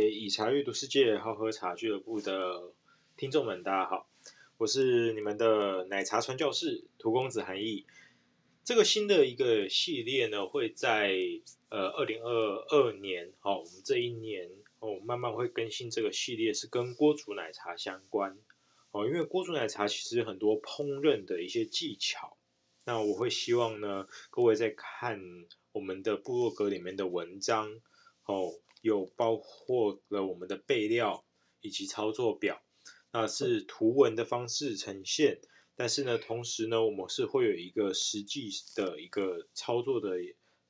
以茶閱讀世界，好喝茶俱樂部的聽眾們，大家好，我是你們的奶茶傳教士荼公子韓毅。這個新的一個系列呢，會在呃二零二二年，哦，我們這一年哦，慢慢會更新這個系列，是跟鍋煮奶茶相關哦，因為鍋煮奶茶其實很多烹飪的一些技巧。那我會希望呢，各位在看我們的部落格裡面的文章。哦，有包括了我們的備料以及操作表，那是圖文的方式呈現。但是呢，同時呢，我們是會有一個實際的一個操作的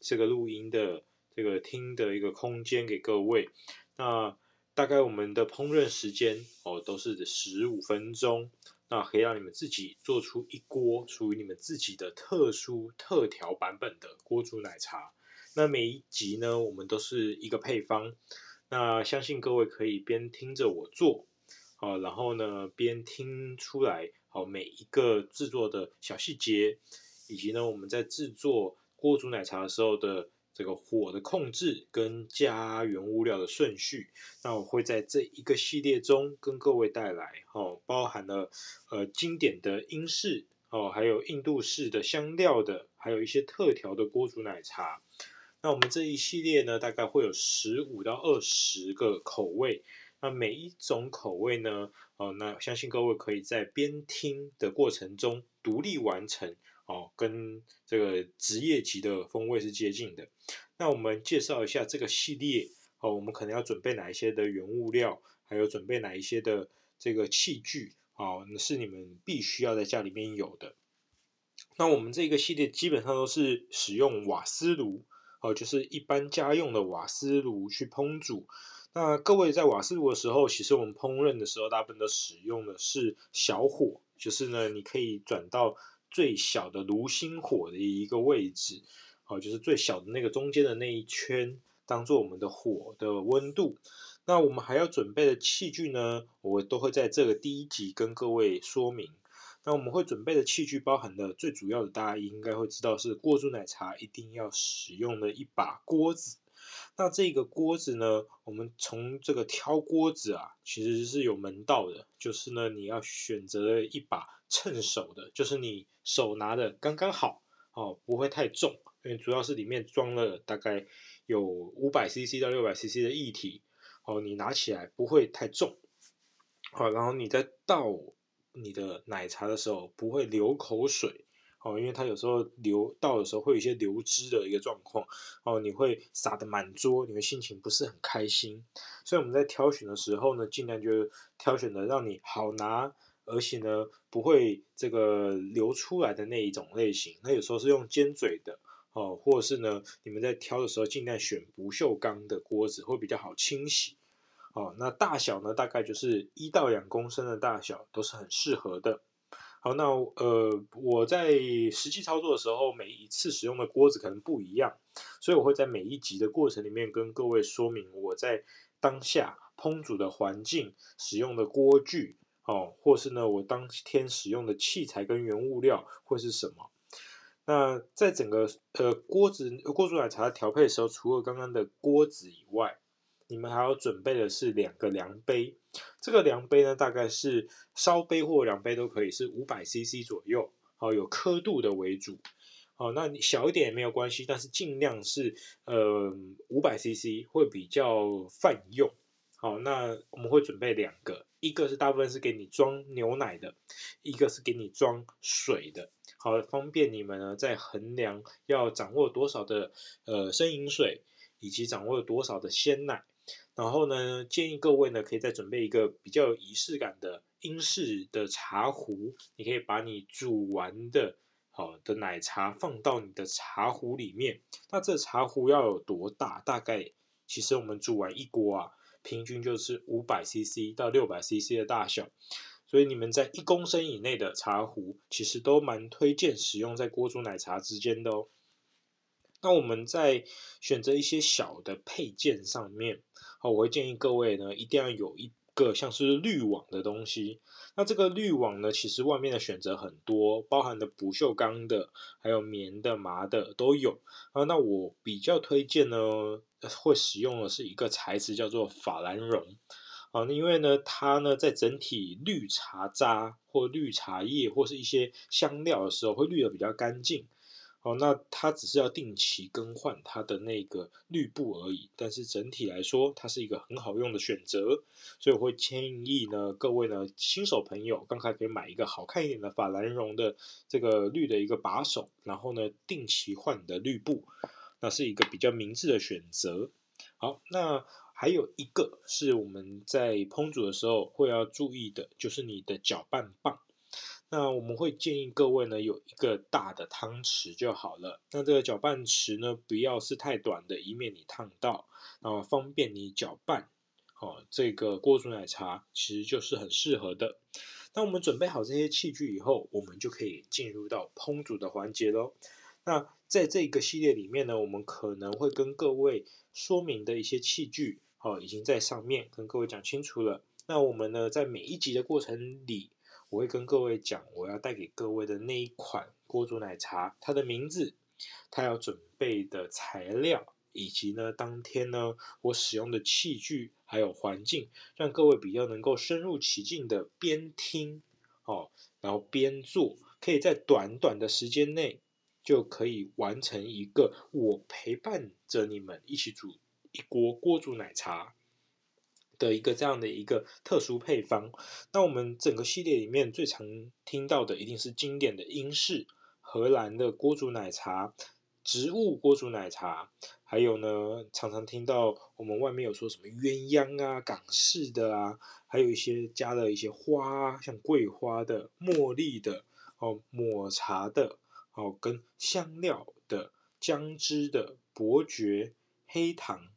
這個錄音的這個聽的一個空間給各位。那大概我們的烹飪時間哦都是十五分鐘，那可以讓你們自己做出一鍋屬於你們自己的特殊特調版本的鍋煮奶茶。那每一集呢，我們都是一個配方。那相信各位可以邊聽着我做，然後呢邊聽出來好，每一個製作的小細節，以及呢我們在製作鍋煮奶茶的時候的這個火的控制跟加原物料的順序。那我會在這一個系列中跟各位帶來哦，包含了呃經典的英式哦，還有印度式的香料的，還有一些特調的鍋煮奶茶。那我們這一系列呢，大概會有十五到二十個口味。那每一種口味呢，哦，那相信各位可以在邊聽的過程中獨立完成哦，跟這個職業級的風味是接近的。那我們介紹一下這個系列哦，我們可能要準備哪一些的原物料，還有準備哪一些的這個器具哦，是你們必須要在家裡面有的。那我們這個系列基本上都是使用瓦斯爐。哦，就是一般家用的瓦斯爐去烹煮。那各位在瓦斯爐的時候，其實我們烹飪的時候，大部分都使用的是小火。就是呢，你可以轉到最小的爐心火的一個位置。哦，就是最小的那個中間的那一圈，當做我們的火的溫度。那我們還要準備的器具呢，我都會在這個第一集跟各位說明。那我們會準備的器具包含的最主要的，大家應該會知道是鍋煮奶茶一定要使用的一把鍋子。那這個鍋子呢，我們從這個挑鍋子啊，其實是有門道的，就是呢你要選擇了一把趁手的，就是你手拿的剛剛好，哦，不會太重，因為主要是裡面裝了大概有五百 CC 到六百 CC 的液體，哦，你拿起來不會太重，好，然後你再倒。你的奶茶的時候不會流口水哦，因為它有時候流倒的時候會有一些流汁的一個狀況哦，你會撒得滿桌，你會心情不是很開心，所以我們在挑選的時候呢，盡量就挑選的讓你好拿，而且呢不會這個流出來的那一種類型。那有時候是用尖嘴的哦，或者是呢你們在挑的時候盡量選不鏽鋼的鍋子會比較好清洗。哦，那大小呢？大概就是一到兩公升的大小都是很適合的。好，那呃，我在實際操作的時候，每一次使用的鍋子可能不一樣，所以我會在每一集的過程裡面跟各位說明我在當下烹煮的環境使用的鍋具哦，或是呢我當天使用的器材跟原物料會是什麼。那在整個呃鍋子，呃，鍋煮奶茶調配的時候，除了剛剛的鍋子以外。你們還要準備的是兩個量杯，這個量杯呢，大概是燒杯或量杯都可以，是五百 CC 左右，好，有刻度的為主。好，那你小一點也沒有關係，但是盡量是呃五百 CC 會比較泛用。好，那我們會準備兩個，一個是大部分是給你裝牛奶的，一個是給你裝水的，好，方便你們呢在衡量要掌握多少的呃生飲水，以及掌握多少的鮮奶。然後呢，建議各位呢可以再準備一個比較有儀式感的英式的茶壺，你可以把你煮完的好的奶茶放到你的茶壺裡面。那這茶壺要有多大？大概其實我們煮完一鍋啊，平均就是五百 CC 到六百 CC 的大小。所以你們在一公升以內的茶壺，其實都蠻推薦使用在鍋煮奶茶之間的哦。那我們在選擇一些小的配件上面。哦，我會建議各位呢，一定要有一個像是濾網的東西。那這個濾網呢，其實外面的選擇很多，包含的不鏽鋼的，還有棉的、麻的都有。啊，那我比較推薦呢，會使用的是一個材質叫做法蘭絨。啊，因為呢，它呢，在整體濾茶渣或濾茶葉或是一些香料的時候，會濾得比較乾淨。好，那它只是要定期更換它的那個濾布而已，但是整體來說，它是一個很好用的選擇，所以我會建議呢，各位呢，新手朋友剛開始可以買一個好看一點的法蘭絨的這個濾的一個把手，然後呢，定期換你的濾布，那是一個比較明智的選擇。好，那還有一個是我們在烹煮的時候會要注意的，就是你的攪拌棒。那我們會建議各位呢，有一個大的湯匙就好了。那這個攪拌匙呢，不要是太短的，以免你燙到。然後方便你攪拌。好、哦，這個鍋煮奶茶其實就是很適合的。那我們準備好這些器具以後，我們就可以進入到烹煮的環節嘍。那在這個系列裡面呢，我們可能會跟各位說明的一些器具，好、哦，已經在上面跟各位講清楚了。那我們呢，在每一集的過程裡。我會跟各位講，我要帶給各位的那一款鍋煮奶茶，它的名字，它要準備的材料，以及呢，當天呢，我使用的器具，還有環境，讓各位比較能夠深入其境的邊聽哦，然後邊做，可以在短短的時間內就可以完成一個我陪伴着你們一起煮一鍋鍋煮奶茶的一個這樣的一個特殊配方。那我們整個系列裡面最常聽到的一定是經典的英式、荷蘭的鍋煮奶茶、植物鍋煮奶茶，還有呢常常聽到我們外面有說什麼鴛鴦啊、港式的啊，還有一些加了一些花，像桂花的、茉莉的、哦抹茶的、哦跟香料的、薑汁的、伯爵黑糖。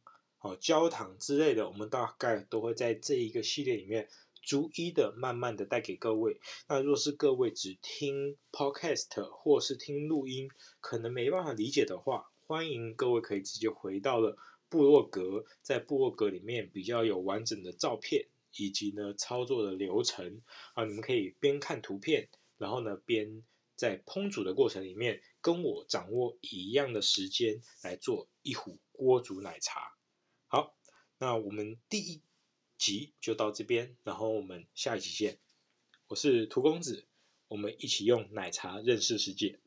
哦，焦糖之類的，我們大概都會在這一個系列裡面逐一的、慢慢的帶給各位。那若是各位只聽 podcast 或是聽錄音，可能沒辦法理解的話，歡迎各位可以直接回到了部落格，在部落格裡面比較有完整的照片以及呢操作的流程。啊，你們可以邊看圖片，然後呢邊在烹煮的過程裡面，跟我掌握一樣的時間來做一壺鍋煮奶茶。那我們第一集就到這邊，然後我們下一集見。我是荼公子，我們一起用奶茶認識世界。